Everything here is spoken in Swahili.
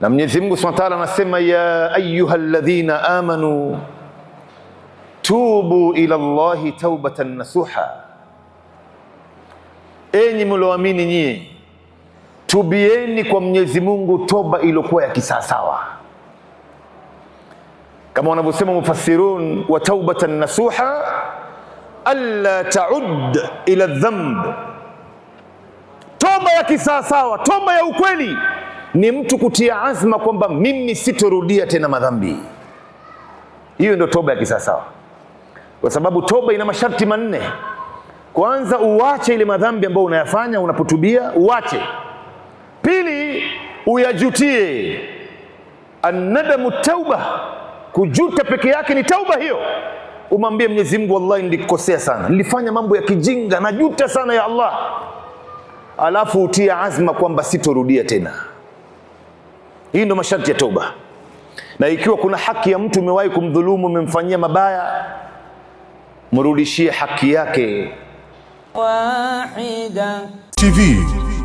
na Mwenyezi Mungu Subhanahu wa Ta'ala anasema ya ayyuhalladhina amanu tubu ila Allahi taubatan nasuha, enyi mlioamini nyie, tubieni kwa Mwenyezi Mungu toba iliyokuwa ya kisawasawa, kama wanavyosema mufassirun, wa taubatan nasuha alla taud ila dhanb, toba ya kisawasawa, toba ya ukweli ni mtu kutia azma kwamba mimi sitorudia tena madhambi. Hiyo ndio toba ya kisasa, kwa sababu toba ina masharti manne. Kwanza, uwache ile madhambi ambayo unayafanya unapotubia, uwache. Pili, uyajutie. Annadamu tauba, kujuta peke yake ni tauba hiyo. Umwambie Mwenyezi Mungu, wallahi nilikosea sana, nilifanya mambo ya kijinga, najuta sana ya Allah. Alafu utie azma kwamba sitorudia tena. Hii ndio masharti ya toba. Na ikiwa kuna haki ya mtu umewahi kumdhulumu, umemfanyia mabaya, mrudishie haki yake. Wahida TV